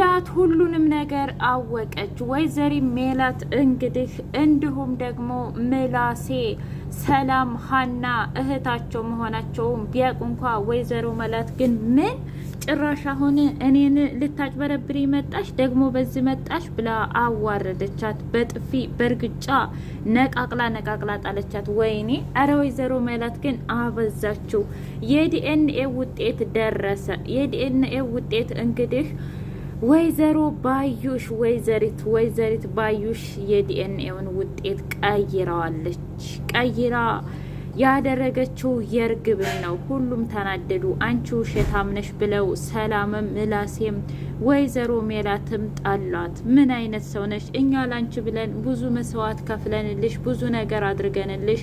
ሜላት ሁሉንም ነገር አወቀች። ወይዘሪ ሜላት እንግዲህ እንዲሁም ደግሞ ምላሴ ሰላም ሀና እህታቸው መሆናቸውን ቢያውቁ እንኳ ወይዘሮ ሜላት ግን ምን ጭራሽ አሁን እኔን ልታጭበረብሪ መጣሽ፣ ደግሞ በዚህ መጣሽ ብላ አዋረደቻት። በጥፊ በእርግጫ ነቃቅላ ነቃቅላ ጣለቻት። ወይኔ አረ ወይዘሮ ሜላት ግን አበዛችው። የዲኤንኤ ውጤት ደረሰ። የዲኤንኤ ውጤት እንግዲህ ወይዘሮ ባዩሽ ወይዘሪት ወይዘሪት ባዩሽ የዲኤንኤውን ውጤት ቀይራዋለች። ቀይራ ያደረገችው የእርግብን ነው። ሁሉም ተናደዱ። አንቺ ውሸታም ነሽ ብለው ሰላምም ምላሴም ወይዘሮ ሜላትም ጣሏት። ምን አይነት ሰው ነሽ? እኛ ላንቺ ብለን ብዙ መስዋዕት ከፍለንልሽ ብዙ ነገር አድርገንልሽ፣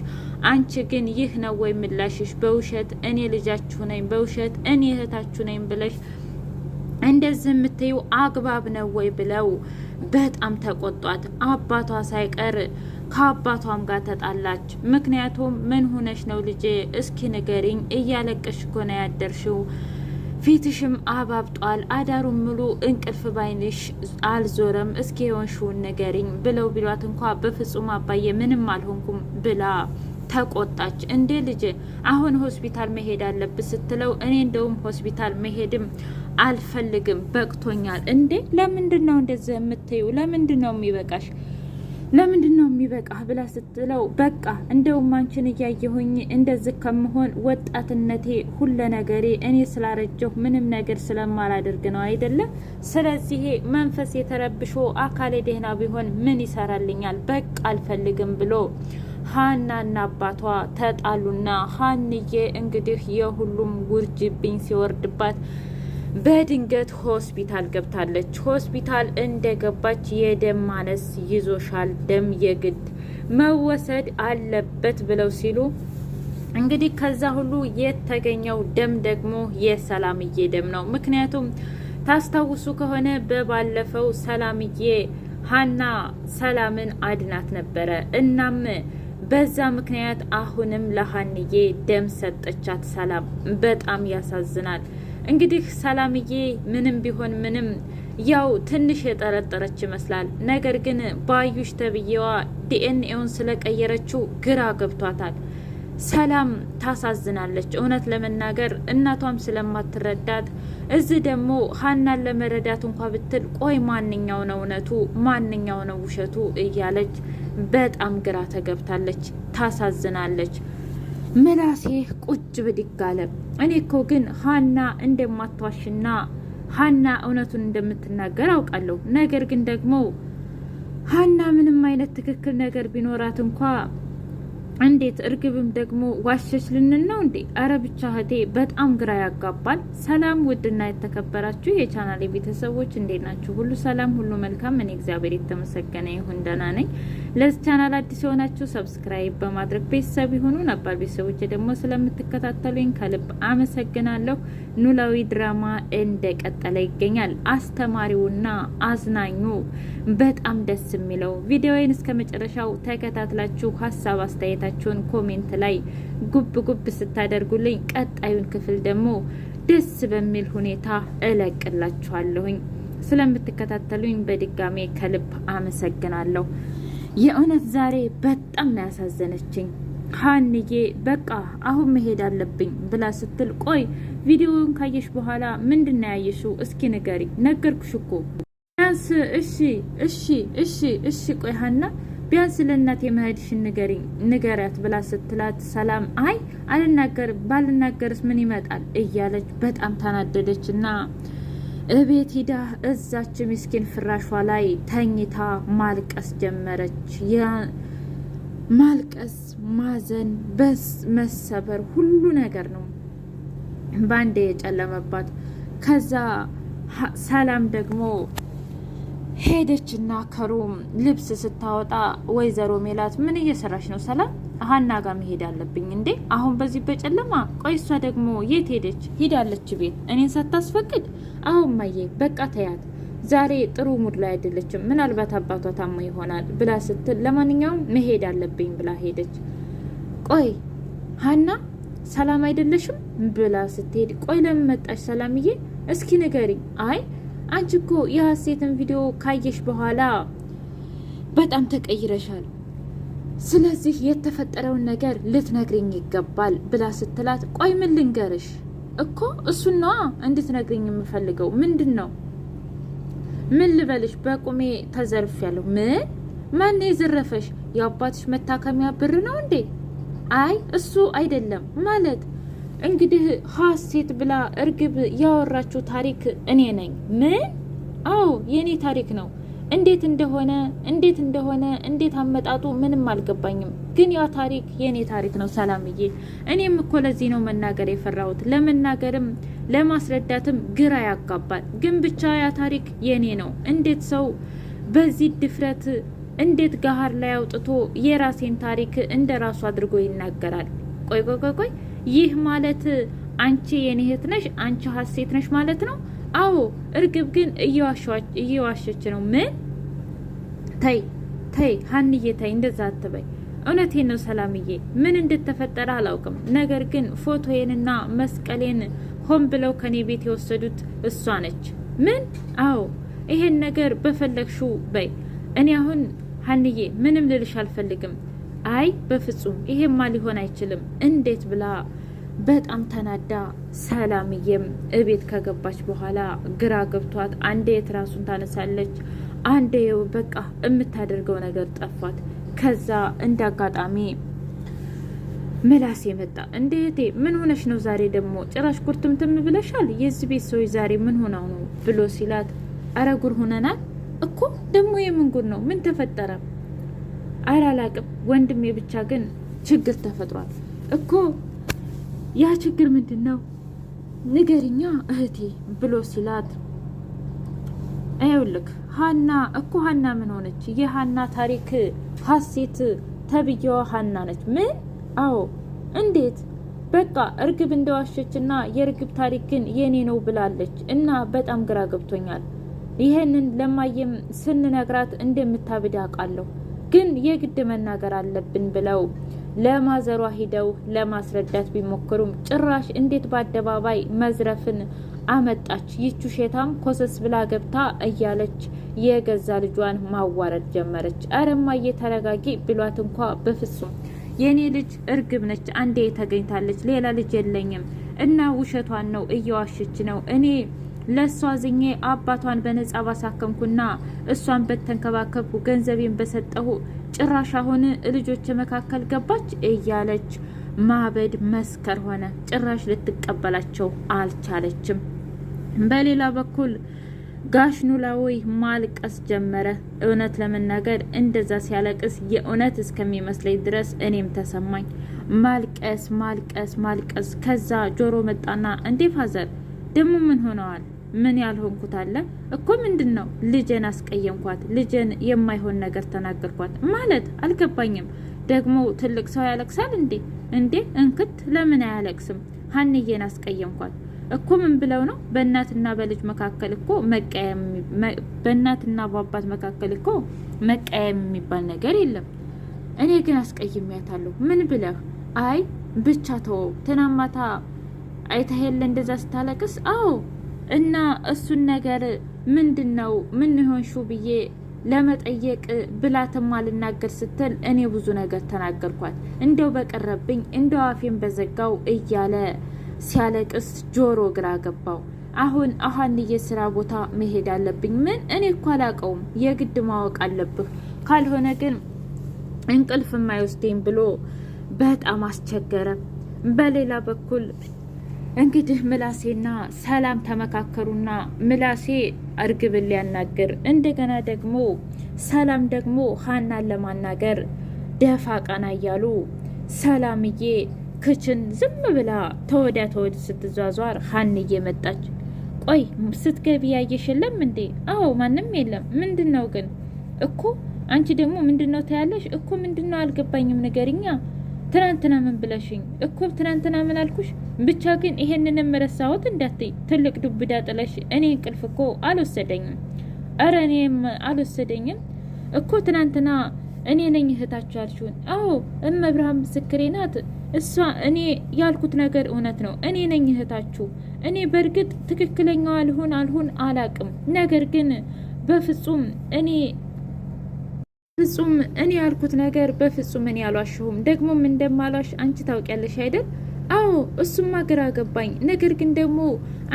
አንቺ ግን ይህ ነው ወይ ምላሽሽ? በውሸት እኔ ልጃችሁ ነኝ፣ በውሸት እኔ እህታችሁ ነኝ ብለሽ እንደዚህ የምትዩ አግባብ ነው ወይ ብለው በጣም ተቆጧት። አባቷ ሳይቀር ከአባቷም ጋር ተጣላች። ምክንያቱም ምን ሁነሽ ነው ልጄ እስኪ ንገሪኝ፣ እያለቀሽ እኮ ነው ያደርሽው፣ ፊትሽም አባብጧል፣ አዳሩን ሙሉ እንቅልፍ ባይንሽ አልዞረም፣ እስኪ የሆንሽውን ንገሪኝ ብለው ቢሏት እንኳ በፍጹም አባዬ ምንም አልሆንኩም ብላ ተቆጣች። እንዴ ልጄ አሁን ሆስፒታል መሄድ አለብት ስትለው እኔ እንደውም ሆስፒታል መሄድም አልፈልግም፣ በቅቶኛል። እንዴ ለምንድን ነው እንደዚ የምትዩ? ለምንድን ነው የሚበቃሽ? ለምንድን ነው የሚበቃ ብላ ስትለው በቃ እንደውም አንቺን እያየሁኝ እንደዚህ ከምሆን ወጣትነቴ ሁለ ነገሬ እኔ ስላረጀሁ ምንም ነገር ስለማላደርግ ነው አይደለም። ስለዚህ መንፈስ የተረብሾ አካሌ ደህና ቢሆን ምን ይሰራልኛል? በቃ አልፈልግም ብሎ ሀናና አባቷ ተጣሉና ሀንዬ እንግዲህ የሁሉም ውርጅብኝ ሲወርድባት በድንገት ሆስፒታል ገብታለች። ሆስፒታል እንደገባች የደም ማነስ ይዞሻል፣ ደም የግድ መወሰድ አለበት ብለው ሲሉ እንግዲህ ከዛ ሁሉ የተገኘው ደም ደግሞ የሰላምዬ ደም ነው። ምክንያቱም ታስታውሱ ከሆነ በባለፈው ሰላምዬ ሀና ሰላምን አድናት ነበረ። እናም በዛ ምክንያት አሁንም ለሀንዬ ደም ሰጠቻት ሰላም። በጣም ያሳዝናል። እንግዲህ ሰላምዬ ምንም ቢሆን ምንም ያው ትንሽ የጠረጠረች ይመስላል። ነገር ግን ባዩሽ ተብዬዋ ዲኤንኤውን ስለቀየረችው ግራ ገብቷታል። ሰላም ታሳዝናለች። እውነት ለመናገር እናቷም ስለማትረዳት እዚህ ደግሞ ሀናን ለመረዳት እንኳ ብትል ቆይ ማንኛው ነው እውነቱ ማንኛው ነው ውሸቱ እያለች በጣም ግራ ተገብታለች። ታሳዝናለች። ምላሴ ቁጭ ብድግ አለ። እኔ እኮ ግን ሀና እንደማትዋሽና ሀና እውነቱን እንደምትናገር አውቃለሁ። ነገር ግን ደግሞ ሀና ምንም አይነት ትክክል ነገር ቢኖራት እንኳ እንዴት እርግብም ደግሞ ዋሸች ልንል ነው እንዴ? አረ ብቻ እህቴ በጣም ግራ ያጋባል። ሰላም ውድና የተከበራችሁ የቻናሌ ቤተሰቦች እንዴት ናችሁ? ሁሉ ሰላም፣ ሁሉ መልካም። እኔ እግዚአብሔር የተመሰገነ ይሁን ደህና ነኝ። ለዚህ ቻናል አዲስ የሆናችሁ ሰብስክራይብ በማድረግ ቤተሰብ ይሁኑ። ነባር ቤተሰቦች ደግሞ ስለምትከታተሉኝ ከልብ አመሰግናለሁ። ኖላዊ ድራማ እንደ ቀጠለ ይገኛል። አስተማሪውና አዝናኙ በጣም ደስ የሚለው ቪዲዮዬን እስከ መጨረሻው ተከታትላችሁ ሀሳብ አስተያየት አስተያየታችሁን ኮሜንት ላይ ጉብ ጉብ ስታደርጉልኝ ቀጣዩን ክፍል ደግሞ ደስ በሚል ሁኔታ እለቅላችኋለሁኝ። ስለምትከታተሉኝ በድጋሜ ከልብ አመሰግናለሁ። የእውነት ዛሬ በጣም ነው ያሳዘነችኝ። ሀንዬ በቃ አሁን መሄድ አለብኝ ብላ ስትል፣ ቆይ ቪዲዮውን ካየሽ በኋላ ምንድን ነው ያየሽው? እስኪ ንገሪ። ነገርኩሽ እኮ ቢያንስ እሺ፣ እሺ፣ እሺ፣ እሺ። ቆይ ሀና ቢያንስ ለእናቴ መሄድሽን ንገሪያት ብላ ስትላት፣ ሰላም አይ አልናገር ባልናገርስ ምን ይመጣል እያለች በጣም ታናደደች እና እቤት ሂዳ እዛች ምስኪን ፍራሿ ላይ ተኝታ ማልቀስ ጀመረች። ማልቀስ፣ ማዘን፣ በስ መሰበር ሁሉ ነገር ነው በአንዴ የጨለመባት ከዛ ሰላም ደግሞ ሄደችና ከሩም ልብስ ስታወጣ ወይዘሮ ሜላት ምን እየሰራች ነው? ሰላም ሀና ጋር መሄድ አለብኝ እንዴ? አሁን በዚህ በጨለማ ቆይ፣ እሷ ደግሞ የት ሄደች? ሄዳለች ቤት እኔን ሳታስፈቅድ። አሁን ማዬ በቃ ተያት፣ ዛሬ ጥሩ ሙድ ላይ አይደለችም፣ ምናልባት አባቷ ታሞ ይሆናል ብላ ስትል፣ ለማንኛውም መሄድ አለብኝ ብላ ሄደች። ቆይ ሀና ሰላም አይደለሽም ብላ ስትሄድ፣ ቆይ ለምን መጣሽ ሰላምዬ? እስኪ ንገሪኝ። አይ አንቺ እኮ የሀሴትን ቪዲዮ ካየሽ በኋላ በጣም ተቀይረሻል። ስለዚህ የተፈጠረውን ነገር ልትነግርኝ ይገባል ብላ ስትላት፣ ቆይ ምን ልንገርሽ? እኮ እሱን ነዋ እንድትነግርኝ የምፈልገው። ምንድን ነው? ምን ልበልሽ? በቁሜ ተዘርፍ ያለሁ። ምን? ማን የዘረፈሽ? የአባትሽ መታከሚያ ብር ነው እንዴ? አይ እሱ አይደለም ማለት እንግዲህ ሀሴት ብላ እርግብ ያወራችው ታሪክ እኔ ነኝ። ምን? አዎ የእኔ ታሪክ ነው። እንዴት እንደሆነ እንዴት እንደሆነ እንዴት አመጣጡ ምንም አልገባኝም፣ ግን ያ ታሪክ የእኔ ታሪክ ነው ሰላምዬ። እኔም እኮ ለዚህ ነው መናገር የፈራሁት። ለመናገርም ለማስረዳትም ግራ ያጋባል። ግን ብቻ ያ ታሪክ የእኔ ነው። እንዴት ሰው በዚህ ድፍረት እንዴት ጋሃር ላይ አውጥቶ የራሴን ታሪክ እንደ ራሱ አድርጎ ይናገራል? ቆይ ቆይ ቆይ ቆይ ይህ ማለት አንቺ የኔ እህት ነሽ፣ አንቺ ሀሴት ነሽ ማለት ነው። አዎ እርግብ ግን እየዋሸች ነው። ምን ተይ ተይ ሀንዬ ተይ፣ እንደዛ አትበይ። እውነቴን ነው ሰላምዬ፣ ምን እንደተፈጠረ አላውቅም። ነገር ግን ፎቶዬንና መስቀሌን ሆን ብለው ከኔ ቤት የወሰዱት እሷ ነች። ምን? አዎ ይሄን ነገር በፈለግሹ በይ። እኔ አሁን ሀንዬ ምንም ልልሽ አልፈልግም አይ በፍጹም ይሄማ ሊሆን አይችልም፣ እንዴት ብላ በጣም ተናዳ ሰላምዬም እቤት ከገባች በኋላ ግራ ገብቷት አንዴ ራሱን ታነሳለች፣ አንዴ በቃ የምታደርገው ነገር ጠፋት። ከዛ እንደ አጋጣሚ ምላሴ መጣ። እንዴቴ ምን ሆነሽ ነው ዛሬ ደግሞ ጭራሽ ኩርትምትም ብለሻል? የዚህ ቤት ሰዎች ዛሬ ምን ሆነው ነው ብሎ ሲላት፣ አረ ጉር ሆነናል እኮ ደግሞ የምን ነው? ምን ተፈጠረ? አላላቅም ወንድሜ ብቻ ግን ችግር ተፈጥሯል እኮ ያ ችግር ምንድን ነው ንገርኛ እህቴ ብሎ ሲላት ይኸውልህ ሀና እኮ ሀና ምን ሆነች የሀና ታሪክ ሀሴት ተብዬዋ ሀና ነች ምን አዎ እንዴት በቃ እርግብ እንደዋሸች እና የእርግብ ታሪክ ግን የኔ ነው ብላለች እና በጣም ግራ ገብቶኛል ይህንን ለማየም ስንነግራት እንደምታብድ አውቃለሁ ግን የግድ መናገር አለብን ብለው ለማዘሯ ሂደው ለማስረዳት ቢሞክሩም ጭራሽ እንዴት በአደባባይ መዝረፍን አመጣች ይቹ ሼታም ኮሰስ ብላ ገብታ እያለች የገዛ ልጇን ማዋረድ ጀመረች። አረማ እየተረጋጊ ብሏት እንኳ በፍጹም የእኔ ልጅ እርግብ ነች፣ አንዴ ተገኝታለች፣ ሌላ ልጅ የለኝም እና ውሸቷን ነው እየዋሸች ነው እኔ ለእሷ ዝኜ አባቷን በነጻ ባሳከምኩና እሷን በተንከባከብኩ ገንዘቤን በሰጠሁ ጭራሽ አሁን ልጆች መካከል ገባች እያለች ማበድ መስከር ሆነ። ጭራሽ ልትቀበላቸው አልቻለችም። በሌላ በኩል ጋሽ ኖላዊ ማልቀስ ጀመረ። እውነት ለመናገር እንደዛ ሲያለቅስ የእውነት እስከሚመስለኝ ድረስ እኔም ተሰማኝ። ማልቀስ ማልቀስ ማልቀስ። ከዛ ጆሮ መጣና እንዴ ፋዘር ደግሞ ምን ሆነዋል ምን ያልሆንኩት አለ እኮ ምንድን ነው? ልጄን አስቀየምኳት፣ ልጄን የማይሆን ነገር ተናገርኳት ማለት አልገባኝም። ደግሞ ትልቅ ሰው ያለቅሳል እንዴ? እንዴ እንክት ለምን አያለቅስም? ሀንዬን አስቀየምኳት እኮ ምን ብለው ነው? በእናትና በልጅ መካከል እኮ መቀየም በእናትና በአባት መካከል እኮ መቀየም የሚባል ነገር የለም። እኔ ግን አስቀይሜያታለሁ። ምን ብለህ? አይ ብቻ ተወው። ትናንት ማታ አይተህ የለ እንደዛ ስታለቅስ? አዎ እና እሱን ነገር ምንድን ነው ምን ይሆንሹ ብዬ ለመጠየቅ ብላትም አልናገር ስትል እኔ ብዙ ነገር ተናገርኳት፣ እንደው በቀረብኝ እንደው አፌን በዘጋው እያለ ሲያለቅስ ጆሮ ግራ ገባው። አሁን አሀንዬ ስራ ቦታ መሄድ አለብኝ። ምን እኔ እኮ አላቀውም፣ የግድ ማወቅ አለብህ፣ ካልሆነ ግን እንቅልፍ የማይወስደኝ ብሎ በጣም አስቸገረ። በሌላ በኩል እንግዲህ ምላሴና ሰላም ተመካከሩና ምላሴ እርግብን ሊያናግር እንደገና ደግሞ ሰላም ደግሞ ሀናን ለማናገር ደፋ ቀና እያሉ ሰላምዬ ክችን ዝም ብላ ተወዳ ተወድ ስትዟዟር ሀንዬ መጣች። ቆይ ስትገቢ ያየሽ የለም እንዴ? አዎ ማንም የለም። ምንድን ነው ግን እኮ አንቺ ደግሞ ምንድን ነው ታያለሽ እኮ ምንድን ነው አልገባኝም። ንገሪኛ። ትናንትና ምን ብለሽኝ እኮ ትናንትና ምን አልኩሽ? ብቻ ግን ይሄንንም ረሳሁት እንዳትይ ትልቅ ዱብዳ ጥለሽ እኔ እንቅልፍ እኮ አልወሰደኝም። እረ እኔም አልወሰደኝም እኮ ትናንትና እኔ ነኝ እህታችሁ ያልሽውን። አዎ እመብርሃን ምስክሬ ናት። እሷ እኔ ያልኩት ነገር እውነት ነው። እኔ ነኝ እህታችሁ። እኔ በእርግጥ ትክክለኛው አልሆን አልሆን አላቅም። ነገር ግን በፍጹም እኔ ፍጹም እኔ ያልኩት ነገር በፍጹም እኔ አልዋሽሁም። ደግሞም እንደማሏሽ አንቺ ታውቂያለሽ አይደል? አዎ እሱም ግራ አገባኝ ነገር ግን ደግሞ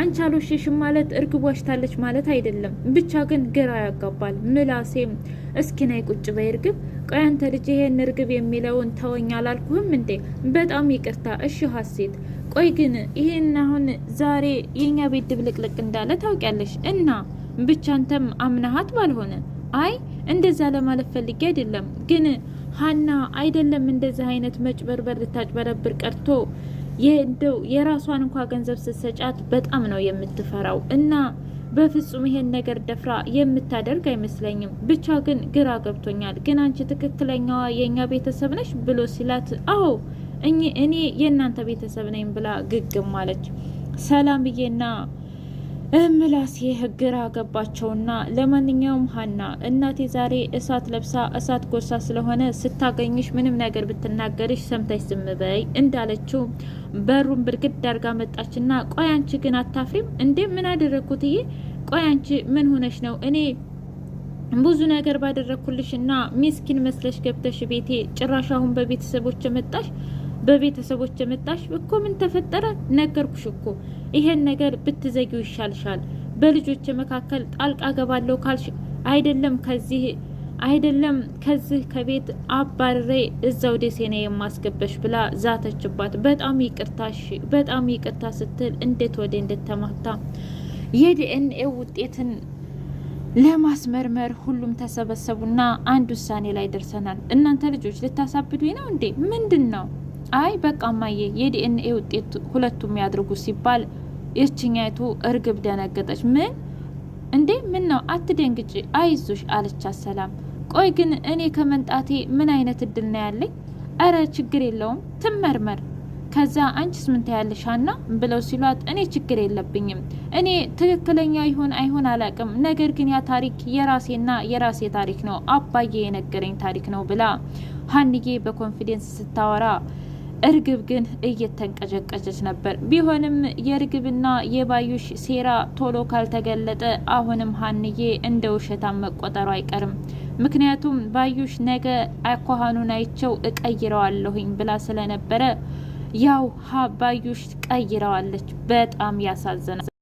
አንቺ አልወሸሽም ማለት እርግብ ዋሽታለች ማለት አይደለም። ብቻ ግን ግራ ያጋባል። ምላሴም እስኪ ናይ ቁጭ በይ እርግብ። ቆይ አንተ ልጅ ይሄን እርግብ የሚለውን ተወኝ አላልኩህም እንዴ? በጣም ይቅርታ። እሺ ሀሴት፣ ቆይ ግን ይሄን አሁን ዛሬ የእኛ ቤት ድብልቅልቅ እንዳለ ታውቂያለሽ። እና ብቻ አንተም አምናሃት ባልሆነ አይ እንደዛ ለማለት ፈልጌ አይደለም። ግን ሀና አይደለም እንደዚህ አይነት መጭበርበር ልታጭበረብር ቀርቶ የእንደው የራሷን እንኳ ገንዘብ ስትሰጫት በጣም ነው የምትፈራው እና በፍጹም ይሄን ነገር ደፍራ የምታደርግ አይመስለኝም። ብቻ ግን ግራ ገብቶኛል። ግን አንቺ ትክክለኛዋ የእኛ ቤተሰብ ነሽ ብሎ ሲላት፣ አዎ እኔ የእናንተ ቤተሰብ ነኝ ብላ ግግም አለች። ብዬና ምላሴ ግራ ገባቸውና፣ ለማንኛውም ሀና እናቴ ዛሬ እሳት ለብሳ እሳት ጎርሳ ስለሆነ ስታገኝሽ ምንም ነገር ብትናገርሽ ሰምተሽ ዝም በይ እንዳለችው በሩን ብርግድ ዳርጋ መጣችና ቆይ አንቺ ግን አታፍሪም እንዴ? ምን አደረግኩት? ይሄ ቆይ አንቺ ምን ሆነሽ ነው? እኔ ብዙ ነገር ባደረግኩልሽ ሚስኪን መስለሽ ገብተሽ ቤቴ ጭራሽ አሁን በቤተሰቦች መጣሽ በቤተሰቦች የመጣሽ እኮ ምን ተፈጠረ? ነገርኩሽ እኮ ይሄን ነገር ብትዘጊው ይሻልሻል። በልጆች መካከል ጣልቃ ገባለሁ ካልሽ አይደለም ከዚህ አይደለም ከዚህ ከቤት አባርሬ እዛው ደሴና የማስገበሽ ብላ ዛተችባት። በጣም ይቅርታ በጣም ይቅርታ ስትል እንዴት ወደ እንደተማታ የዲኤንኤ ውጤትን ለማስመርመር ሁሉም ተሰበሰቡና አንድ ውሳኔ ላይ ደርሰናል። እናንተ ልጆች ልታሳብዱኝ ነው እንዴ? ምንድን ነው? አይ በቃ ማየ የዲኤንኤ ውጤት ሁለቱም ያድርጉ ሲባል የችኛይቱ እርግብ ደነገጠች። ምን እንዴ ምን ነው አትደንግጭ፣ አይዞሽ አለቻት ሰላም። ቆይ ግን እኔ ከመንጣቴ ምን አይነት እድል ነው ያለኝ? አረ ችግር የለውም ትመርመር። ከዛ አንቺስ ምን ታያለሽ ብለው ሲሏት፣ እኔ ችግር የለብኝም። እኔ ትክክለኛ ይሁን አይሁን አላቅም፣ ነገር ግን ያ ታሪክ የራሴና የራሴ ታሪክ ነው፣ አባዬ የነገረኝ ታሪክ ነው ብላ ሀንዬ በኮንፊደንስ ስታወራ እርግብ ግን እየተንቀጨቀጨች ነበር። ቢሆንም የእርግብና የባዩሽ ሴራ ቶሎ ካልተገለጠ አሁንም ሀንዬ እንደ ውሸታም መቆጠሩ አይቀርም። ምክንያቱም ባዩሽ ነገ አኳኋኑን አይቸው እቀይረዋለሁኝ ብላ ስለነበረ ያው ሀ ባዩሽ ቀይረዋለች። በጣም ያሳዝናል።